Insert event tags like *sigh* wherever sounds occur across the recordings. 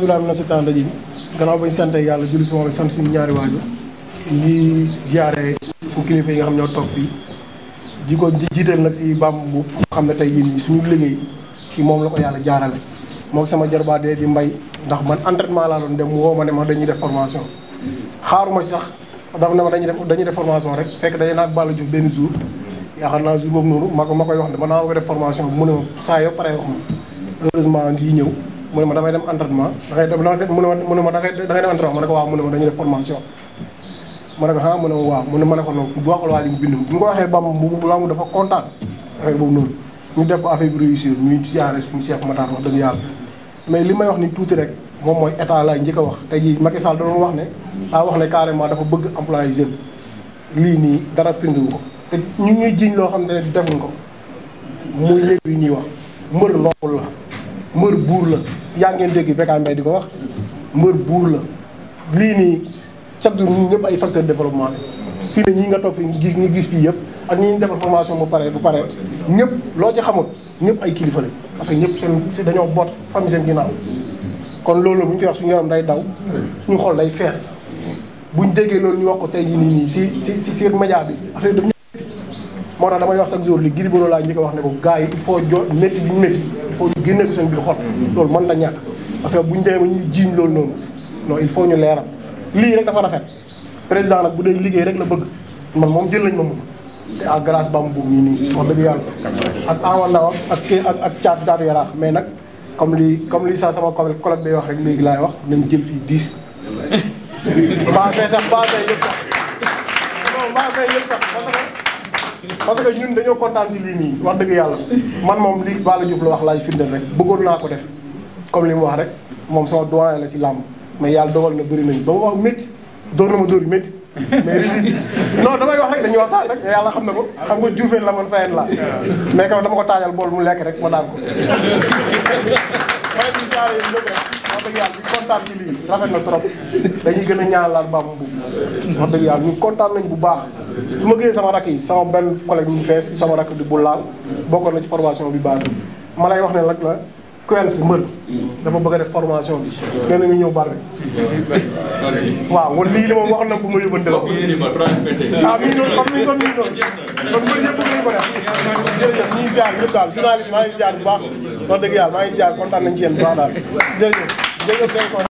auzu billaahi mina seytaani rajiim gannaaw bañ sante yàlla julli si moom sant suñu ñaari waajur ngi ziare ku kilifa yi nga xam ñoo toog fii ji ko jiiteel nag si bam bu xam ne tey jii suñu liggéey kii moom la ko yàlla jaarale moom sama jarbaa dee di mbay ndax man entraînement laa doon dem woo ma ne ma dañuy def formation xaaruma sax daf ne ma dañuy def dañuy def formation rek fekk dañuy naag Balla Diouf benn jour xam naa jour boobu noonu ma ko ma koy wax ne ma naa ko formation mu ne ma saa yoo pare wax ñëw mu ne ma damay dem entraînement dangay dem mu ne ma ne ma dangay dangay dem entraînement ma ne ko waaw mu ne ma dañuy def formation ma ne ko ah mu ne ma waaw mu ne ma ne ko noonu mu may wax ni tuuti rek moom mooy état laay wax tey jii Macky Sall da doon wax ne daa wax ne carrément dafa bëgg employé jeune lii nii dara firndiwu ko te ñu ñuy jiiñ loo xam ne defuñ ko muy léegi nii wax mbër noppul la mbër buur la yaa ngeen dégg Bécaye Mbaye di ko wax mbër buur la lii nii chaque jour ñun ñëpp ay facteur développement la fii ne ñii nga toog fi gis nga gis fii yëpp ak ñi ñu defal formation bu paree bu pare ñëpp loo ci xamul ñëpp ay kilifa lañ parce que ñëpp seen dañoo boot famille seen ginnaaw kon loolu bu ñu koy wax suñu yaram day daw suñu xool day fees buñ déggee loolu ñu wax ko tey jii nii nii si si si seen média bi affaire daf ñu moo tax damay wax chaque jour li Gris Bordeaux laa njëkk a wax ne ko gars yi il faut jo métti bi ñu faut ñu génne ko seen biir xol loolu mën na ñàkk parce que buñu demee ba ñuy jiiñ loolu noonu non il faut ñu leeral lii rek dafa rafet président nag bu dee liggéey rek la bëgg man moom jël nañ ma moom te à grâce bam buub yi nii wax dëgg yàlla ak amandawa ak k ak ak caat daatu yaraax mais nag comme li comme li sa sama collègue bi wax rek léegi laay wax nañ jël fii 10 *laughs* basé sax sax non basé yëpp sax parce que ñun dañoo kontaan ci lii nii wax dëgg yàlla man moom li Balla Diouf la wax laay firndeel rek bëggoon naa ko def comme li mu wax rek moom sama doyen la si làmb mais yàlla dogal na bëri nañu ba mu wax métti door na ma dóor yu métti mais réussite non damay wax rek dañuy waxtaan rek yàlla xam na ko xam nga juufeen la man fayeen la mais ko dama ko taajal bool mu lekk rek ma daan ko. *laughs* wax dëgg yàlla ñu kontaan ci lii rafet na trop dañuy gën a ñaanal baax mu bugg wax dëgg yàlla ñu kontaan nañ bu baax su ma gisee sama rakk yi sama benn collègue ñu fees sama rakk di bu laal bokkoon na ci formation bi baax ma lay wax ne nag la QLC mbër dafa bëgg a def formation bi nee na nga ñëw bari waaw wala lii li moom wax na bu ma yóbbante la ah mi ngi doon comme ni ñu doon mi ngi doon kon mbër ñëpp bëgg nañu ko def jërëjëf ñu ngi jaar ñëpp daal journaliste maa ngi jaar bu baax wax dëgg yàlla maa ngi jaar kontaan nañu ci yéen bu baax daal jërëjëf jërëjëf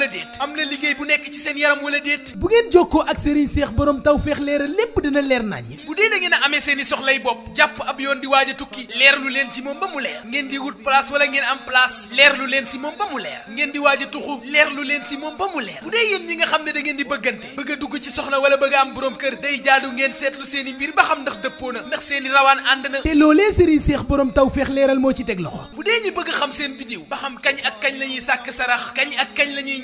wala déet am na liggéey bu nekk ci seen yaram wala déet bu ngeen jokkoo ak Serigne Seex borom tawfeex leeral lépp dina leer naññ bu dee na ngeen a amee seen i soxlay bopp jàpp ab yoon di waaja a tukki leer lu leen ci moom ba mu leer ngeen di wut place wala ngeen am place leer leen si moom ba mu leer ngeen di waaj a tuxu leer leen si moom ba mu leer bu dee yéen ñi nga xam ne dangeen di bëggante bëgg a dugg ci soxna wala bëgg a am borom kër day jaadu ngeen seetlu seen i mbir ba xam ndax dëppoo na ndax seen i rawaan ànd na te loolee Serigne moo ci teg loxo bu bëgg xam seen bidiw ba xam kañ ak kañ la ñuy sàkk sarax kañ ak kañ la ñuy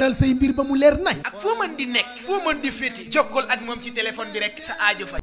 leeral say mbir ba mu leer nañ ak foo mën di nekk foo mën di féeti jokkool ak moom ci téléphone bi rek sa aajo fa